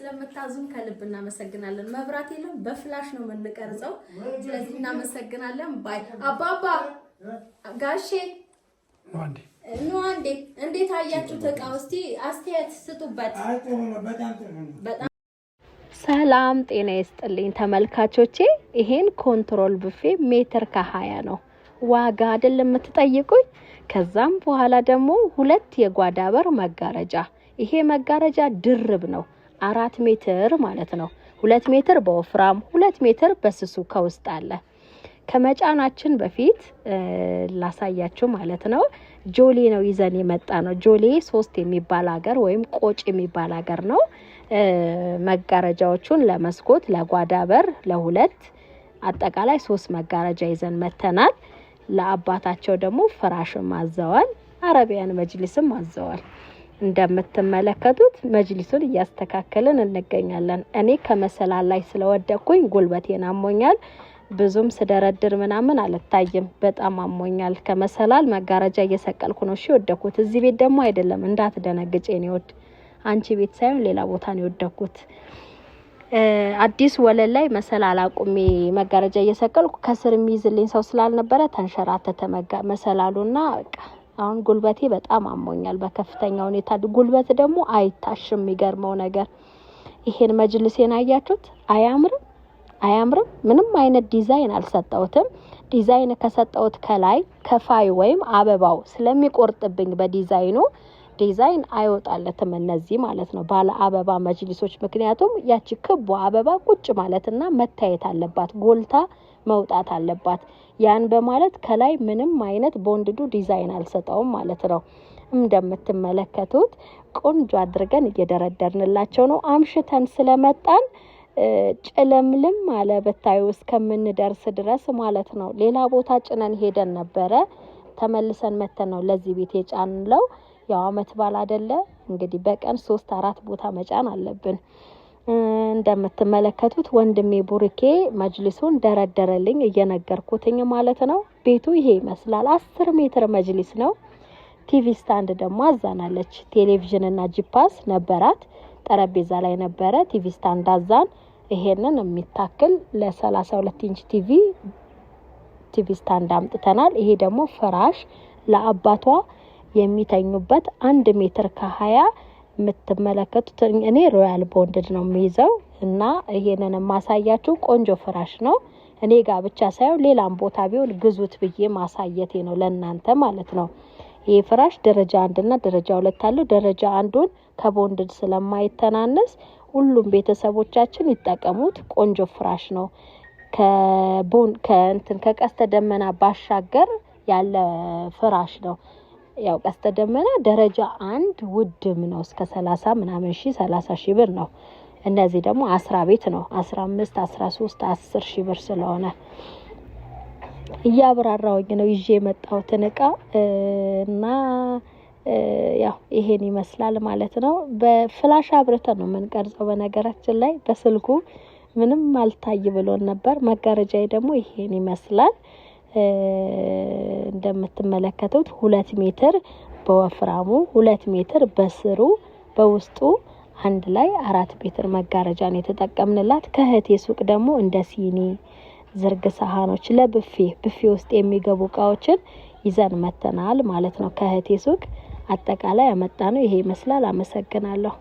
ስለምታዙን ከልብ እናመሰግናለን። መብራት የለም፣ በፍላሽ ነው የምንቀርጸው። ስለዚህ እናመሰግናለን። ባይ አባባ ጋሼ አንዴ፣ እንዴት አያችሁት? እቃ እስቲ አስተያየት ስጡበት። ሰላም ጤና ይስጥልኝ ተመልካቾቼ። ይሄን ኮንትሮል ቡፌ ሜትር ከሀያ ነው ዋጋ አይደል የምትጠይቁኝ? ከዛም በኋላ ደግሞ ሁለት የጓዳ በር መጋረጃ ይሄ መጋረጃ ድርብ ነው። አራት ሜትር ማለት ነው። ሁለት ሜትር በወፍራም ሁለት ሜትር በስሱ ከውስጥ አለ። ከመጫናችን በፊት ላሳያችሁ ማለት ነው። ጆሌ ነው ይዘን የመጣ ነው። ጆሌ ሶስት የሚባል ሀገር ወይም ቆጭ የሚባል ሀገር ነው። መጋረጃዎቹን ለመስኮት፣ ለጓዳ በር ለሁለት አጠቃላይ ሶስት መጋረጃ ይዘን መተናል። ለአባታቸው ደግሞ ፍራሽም አዘዋል። አረቢያን መጅሊስም አዘዋል። እንደምትመለከቱት መጅሊሱን እያስተካከልን እንገኛለን። እኔ ከመሰላል ላይ ስለወደኩኝ ጉልበቴን አሞኛል። ብዙም ስደረድር ምናምን አልታይም። በጣም አሞኛል። ከመሰላል መጋረጃ እየሰቀልኩ ነው ሺ ወደኩት። እዚህ ቤት ደግሞ አይደለም እንዳትደነግጭ፣ ነው ወድ አንቺ ቤት ሳይሆን ሌላ ቦታ ነው የወደኩት። አዲስ ወለል ላይ መሰላል አቁሜ መጋረጃ እየሰቀልኩ ከስር የሚይዝልኝ ሰው ስላልነበረ ተንሸራተተ መሰላሉና በቃ አሁን ጉልበቴ በጣም አሞኛል በከፍተኛ ሁኔታ። ጉልበት ደግሞ አይታሽም። የሚገርመው ነገር ይሄን መጅልሴን አያችሁት? አያምርም? አያምርም? ምንም አይነት ዲዛይን አልሰጠውትም። ዲዛይን ከሰጠውት ከላይ ከፋይ ወይም አበባው ስለሚቆርጥብኝ በዲዛይኑ ዲዛይን አይወጣለትም። እነዚህ ማለት ነው ባለ አበባ መጅሊሶች። ምክንያቱም ያቺ ክቡ አበባ ቁጭ ማለትና መታየት አለባት ጎልታ መውጣት አለባት። ያን በማለት ከላይ ምንም አይነት ቦንድዱ ዲዛይን አልሰጠውም ማለት ነው። እንደምትመለከቱት ቆንጆ አድርገን እየደረደርንላቸው ነው። አምሽተን ስለመጣን ጭለምልም አለ ብታዩ እስከምንደርስ ድረስ ማለት ነው። ሌላ ቦታ ጭነን ሄደን ነበረ። ተመልሰን መተን ነው ለዚህ ቤት የጫንለው። ያው አመት ባል አደለ እንግዲህ በቀን ሶስት አራት ቦታ መጫን አለብን። እንደምትመለከቱት ወንድሜ ቡርኬ መጅሊሱን ደረደረልኝ እየነገርኩትኝ ማለት ነው። ቤቱ ይሄ ይመስላል። አስር ሜትር መጅሊስ ነው። ቲቪ ስታንድ ደግሞ አዛናለች። ቴሌቪዥንና ጂፓስ ነበራት። ጠረጴዛ ላይ ነበረ ቲቪ ስታንድ አዛን። ይሄንን የሚታክል ለሰላሳ ሁለት ኢንች ቲቪ ቲቪ ስታንድ አምጥተናል። ይሄ ደግሞ ፍራሽ ለአባቷ የሚተኙበት አንድ ሜትር ከሀያ የምትመለከቱት እኔ ሮያል ቦንድድ ነው የሚይዘው እና ይሄንን የማሳያችሁ ቆንጆ ፍራሽ ነው። እኔ ጋር ብቻ ሳይሆን ሌላም ቦታ ቢሆን ግዙት ብዬ ማሳየቴ ነው ለእናንተ ማለት ነው። ይህ ፍራሽ ደረጃ አንድና ደረጃ ሁለት አለው። ደረጃ አንዱን ከቦንድድ ስለማይተናነስ ሁሉም ቤተሰቦቻችን ይጠቀሙት። ቆንጆ ፍራሽ ነው። ከቦን ከእንትን ከቀስተ ደመና ባሻገር ያለ ፍራሽ ነው። ያው ቀስተ ደመና ደረጃ አንድ ውድም ነው እስከ ሰላሳ ምናምን ሺ ሰላሳ ሺ ብር ነው። እነዚህ ደግሞ አስራ ቤት ነው አስራ አምስት አስራ ሶስት አስር ሺ ብር ስለሆነ እያብራራውኝ ነው ይዤ የመጣሁትን እቃ እና ያው ይሄን ይመስላል ማለት ነው። በፍላሽ አብርተን ነው የምንቀርጸው። በነገራችን ላይ በስልኩ ምንም አልታይ ብሎን ነበር። መጋረጃዬ ደግሞ ይሄን ይመስላል። እንደምትመለከቱት ሁለት ሜትር በወፍራሙ ሁለት ሜትር በስሩ በውስጡ አንድ ላይ አራት ሜትር መጋረጃን የተጠቀምንላት። ከእህቴ ሱቅ ደግሞ እንደ ሲኒ፣ ዝርግ ሳህኖች ለብፌ ብፌ ውስጥ የሚገቡ እቃዎችን ይዘን መተናል ማለት ነው። ከእህቴ ሱቅ አጠቃላይ ያመጣ ነው ይሄ ይመስላል። አመሰግናለሁ።